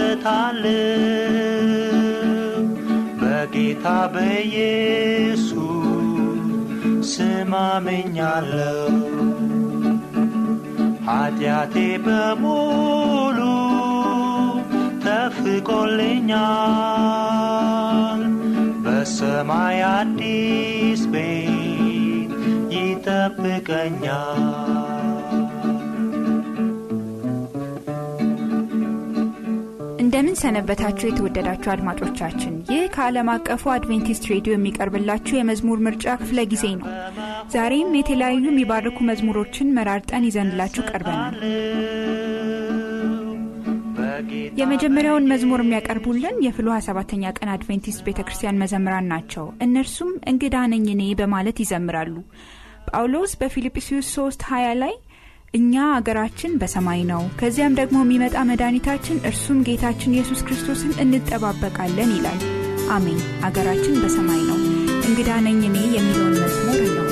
እደሰታለሁ በጌታ በኢየሱስ ስም አምኛለሁ። ኃጢአቴ በሙሉ ተፍቆልኛል። በሰማይ አዲስ ቤት ይጠብቀኛል። እንደምን ሰነበታችሁ የተወደዳችሁ አድማጮቻችን። ይህ ከዓለም አቀፉ አድቬንቲስት ሬዲዮ የሚቀርብላችሁ የመዝሙር ምርጫ ክፍለ ጊዜ ነው። ዛሬም የተለያዩ የሚባርኩ መዝሙሮችን መራርጠን ይዘንላችሁ ቀርበናል። የመጀመሪያውን መዝሙር የሚያቀርቡልን የፍሉ ሰባተኛ ቀን አድቬንቲስት ቤተ ክርስቲያን መዘምራን ናቸው። እነርሱም እንግዳ ነኝ እኔ በማለት ይዘምራሉ። ጳውሎስ በፊልጵስዩስ 3 20 ላይ እኛ አገራችን በሰማይ ነው፣ ከዚያም ደግሞ የሚመጣ መድኃኒታችን እርሱም ጌታችን ኢየሱስ ክርስቶስን እንጠባበቃለን ይላል። አሜን። አገራችን በሰማይ ነው እንግዳ ነኝ እኔ የሚለውን መዝሙር ነው።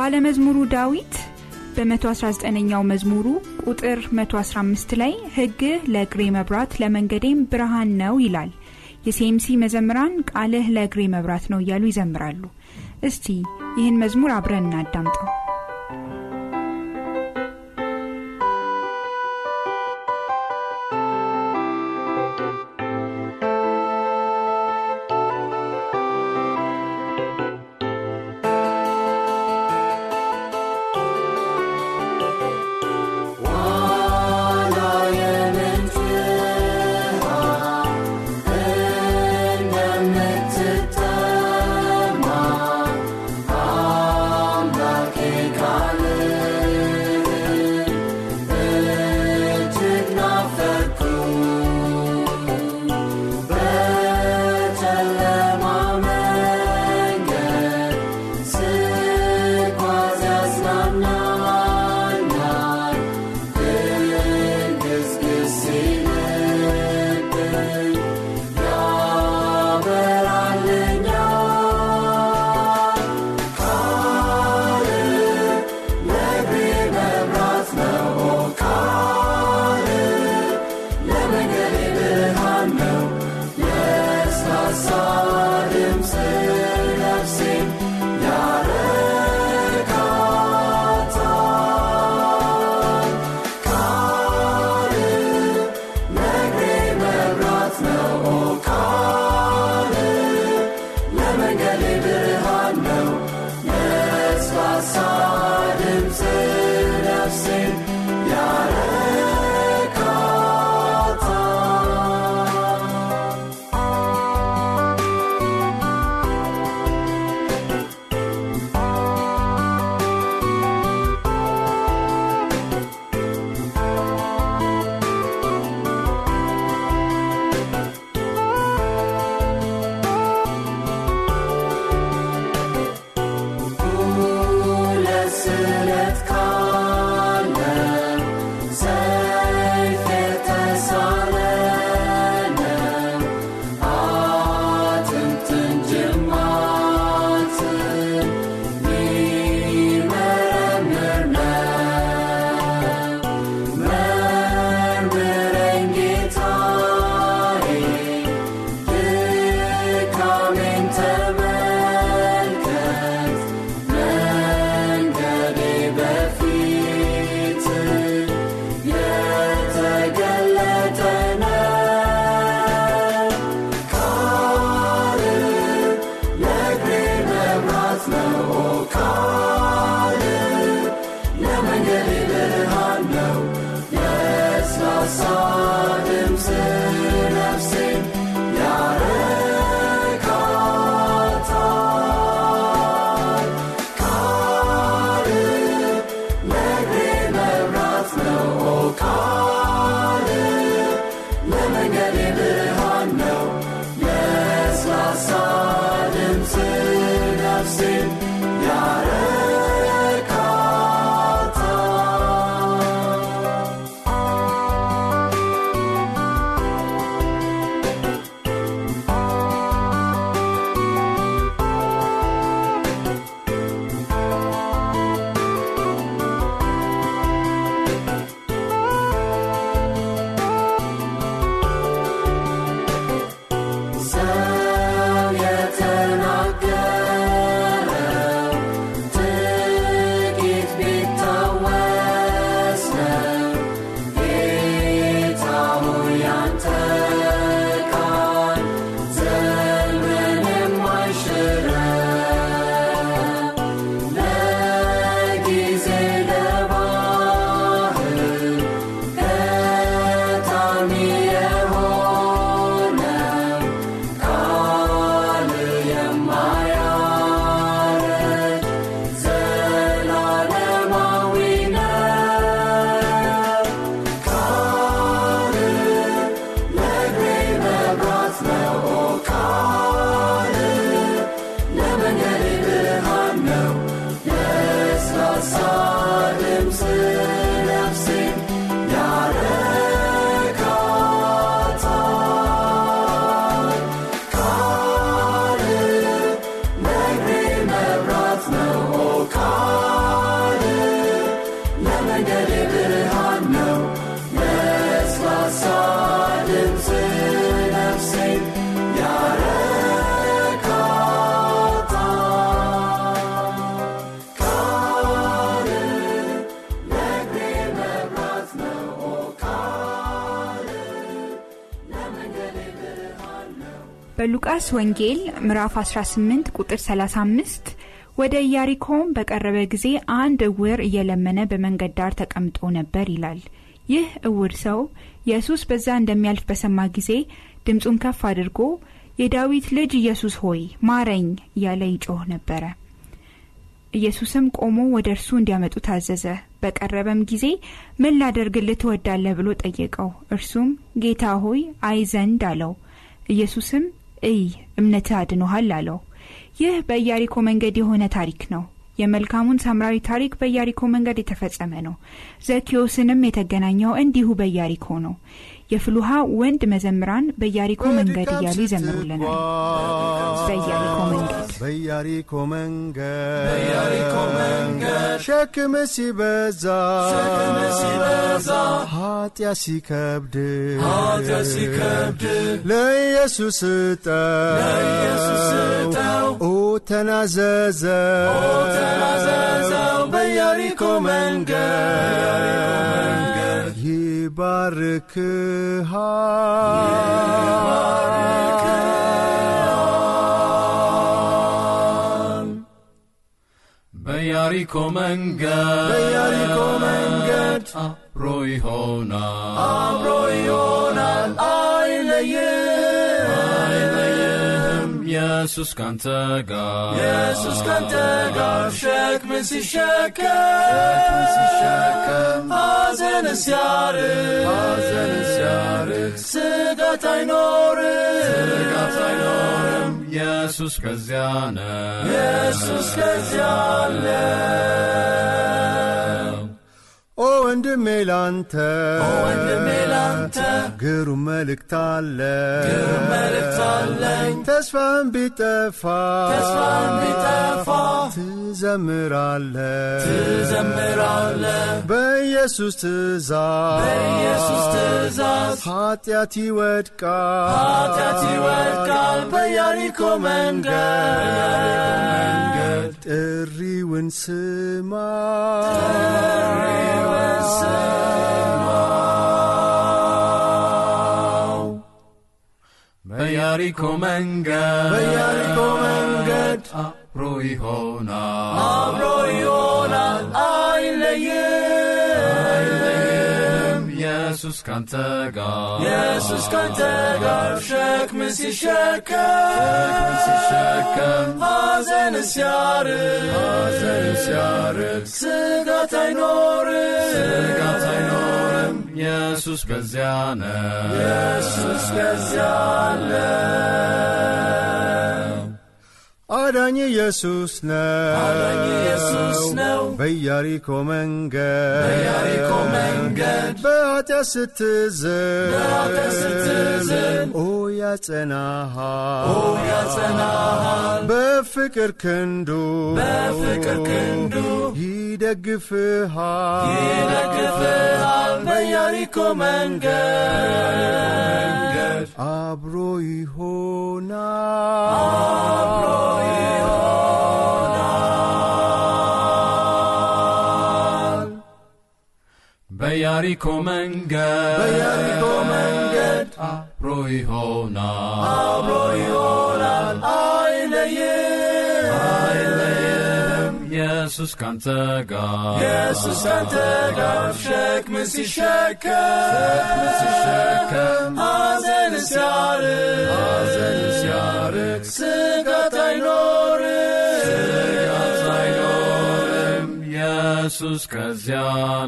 ባለመዝሙሩ ዳዊት በ119ኛው መዝሙሩ ቁጥር 115 ላይ ህግህ ለእግሬ መብራት ለመንገዴም ብርሃን ነው ይላል። የሴምሲ መዘምራን ቃልህ ለእግሬ መብራት ነው እያሉ ይዘምራሉ። እስቲ ይህን መዝሙር አብረን እናዳምጠው። በሉቃስ ወንጌል ምዕራፍ 18 ቁጥር 35 ወደ ኢያሪኮም በቀረበ ጊዜ አንድ እውር እየለመነ በመንገድ ዳር ተቀምጦ ነበር ይላል። ይህ እውር ሰው ኢየሱስ በዛ እንደሚያልፍ በሰማ ጊዜ ድምፁን ከፍ አድርጎ የዳዊት ልጅ ኢየሱስ ሆይ ማረኝ እያለ ይጮህ ነበረ። ኢየሱስም ቆሞ ወደ እርሱ እንዲያመጡ ታዘዘ። በቀረበም ጊዜ ምን ላደርግልህ ትወዳለህ ብሎ ጠየቀው። እርሱም ጌታ ሆይ አይ ዘንድ አለው። ኢየሱስም እይ እምነትህ አድኖሃል አለው። ይህ በኢያሪኮ መንገድ የሆነ ታሪክ ነው። የመልካሙን ሳምራዊ ታሪክ በያሪኮ መንገድ የተፈጸመ ነው። ዘኪዮስንም የተገናኘው እንዲሁ በያሪኮ ነው። የፍሉሃ ወንድ መዘምራን በያሪኮ መንገድ እያሉ ይዘምሩልናል። በኢያሪኮ መንገድ በኢያሪኮ መንገድ ሸክም ሲበዛ ኃጢያ ሲከብድ ለኢየሱስ ጠው ተናዘዘው ተናዘዘው በኢያሪኮ መንገድ ይባርክሃል በኢያሪኮ መንገድ በኢያሪኮ መንገድ አብሮ ይሆናል አብሮ ይሆናል አይለይም ኢየሱስ ካንተ ጋር ኢየሱስ ካንተ ጋር ሸክም ሲሸከም ሐዘን ሲያርቅ ሐዘን ሲያርቅ ስጋት አይኖርም ኢየሱስ ከዚያ ነው ኢየሱስ ከዚያ አለ ኦ ወንድሜ ላንተ ግሩም መልእክት አለኝ ተስፋን ቢጠፋ ትዘምራለ በኢየሱስ ትእዛዝ ኃጢአት ይወድቃል በያሪኮ መንገድ ጥሪውን ስማ በያሪኮ መንገድ በያሪኮ መንገድ አብሮ ይሆናል አብሮ ይሆናል አይለይም ኢየሱስ ካንተ ጋር ኢየሱስ ካንተ ጋር ሸክም ሲሸከም ሲሸከም ሐዘን ሲያርግ ሐዘን ሲያርግ ስጋት አይኖርም ስጋት አይኖርም ኢየሱስ በዚያ ነው ኢየሱስ በዚያ አለ አዳኝ ኢየሱስ ነው በያሪኮ መንገድ በአጢያ ስትዝን ኦ ያጸናሃል በፍቅር ክንዱ ይደግፍሃል ታሪኮ መንገድ አብሮ ይሆናል አብሮ ይሆናል በያሪኮ መንገድ በያሪኮ መንገድ አብሮ ይሆናል አብሮ ይሆናል ኢየሱስ ካንተ ጋር ኢየሱስ ካንተ ጋር ሸክም ሲሸከም ሐዘን ሲያርቅ ስጋት አይኖርም ኢየሱስ ከዚያ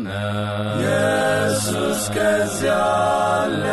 ነው ኢየሱስ ከዚያ ነው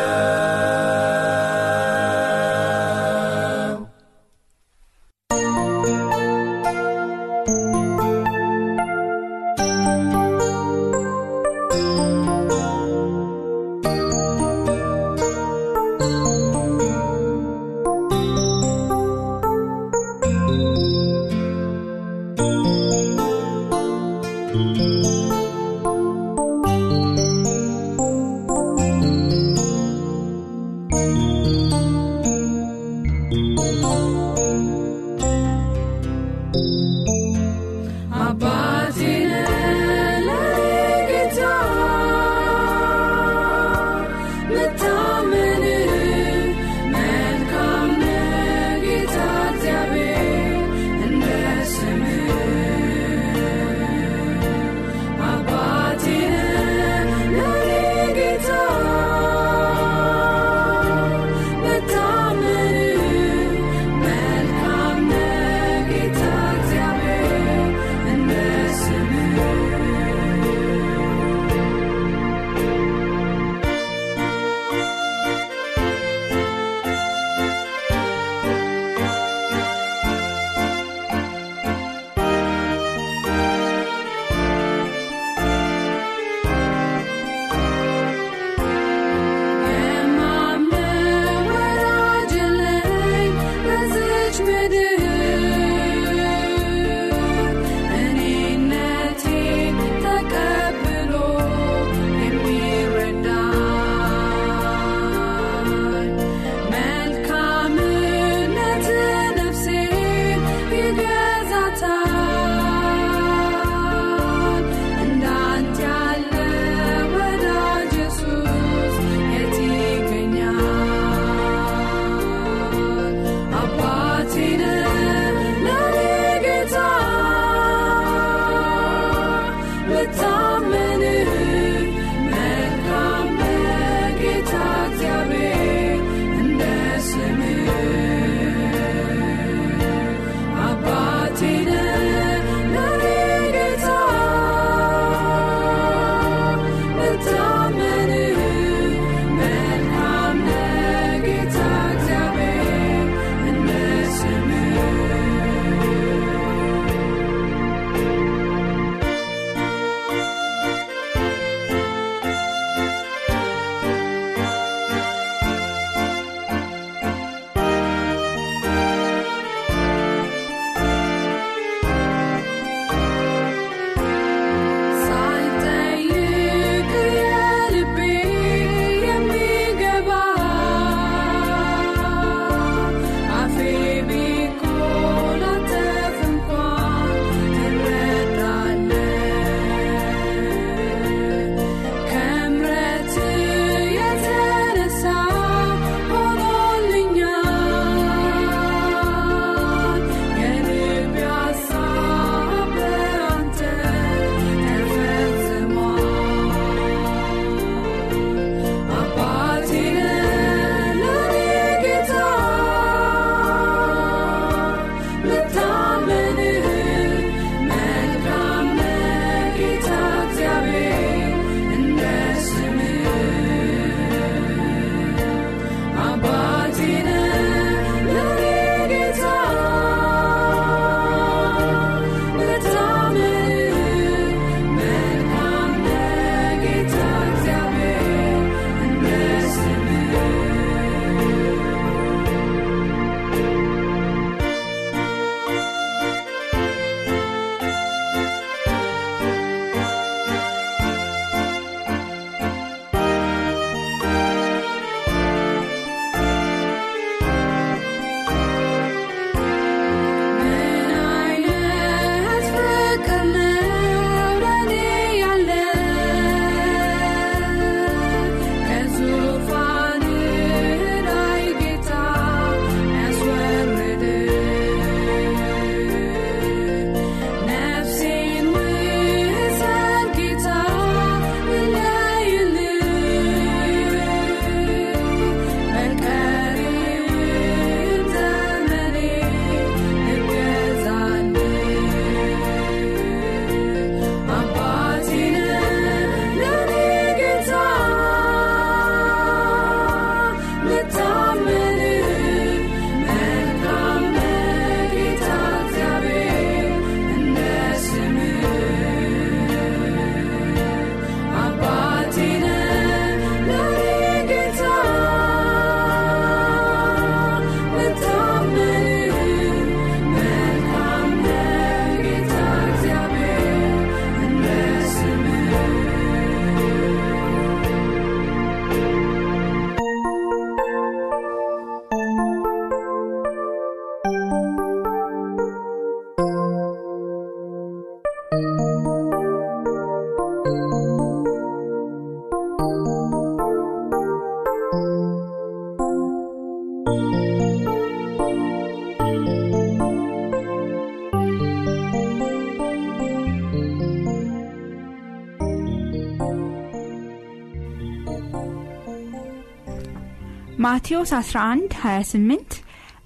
ማቴዎስ 11 28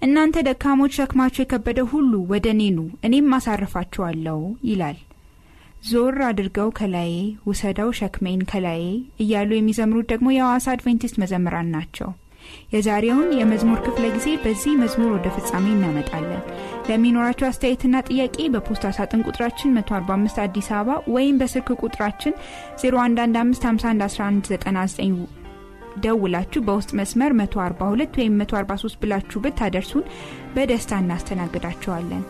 እናንተ ደካሞች ሸክማችሁ የከበደ ሁሉ ወደ እኔኑ እኔም አሳርፋችኋለሁ ይላል። ዞር አድርገው ከላዬ ውሰደው ሸክሜን ከላዬ እያሉ የሚዘምሩት ደግሞ የሐዋሳ አድቬንቲስት መዘምራን ናቸው። የዛሬውን የመዝሙር ክፍለ ጊዜ በዚህ መዝሙር ወደ ፍጻሜ እናመጣለን። ለሚኖራቸው አስተያየትና ጥያቄ በፖስታ ሳጥን ቁጥራችን 145 አዲስ አበባ ወይም በስልክ ቁጥራችን 1199 ደውላችሁ በውስጥ መስመር 142 ወይም 143 ብላችሁ ብታደርሱን በደስታ እናስተናግዳቸዋለን።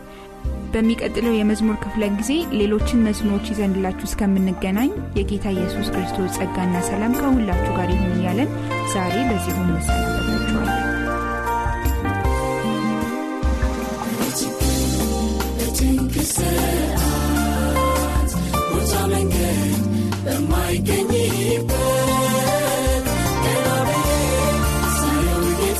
በሚቀጥለው የመዝሙር ክፍለ ጊዜ ሌሎችን መዝሙሮች ይዘንላችሁ እስከምንገናኝ የጌታ ኢየሱስ ክርስቶስ ጸጋና ሰላም ከሁላችሁ ጋር ይሁን እያለን ዛሬ በዚሁ እንሰናበታችኋለን። ሰዓት ቦታ መንገድ በማይገኝበት